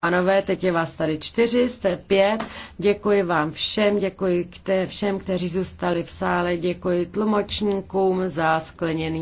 Pánové, teď je vás tady čtyři, jste pět. Děkuji vám všem, děkuji všem, kteří zůstali v sále, děkuji tlumočníkům za skleněný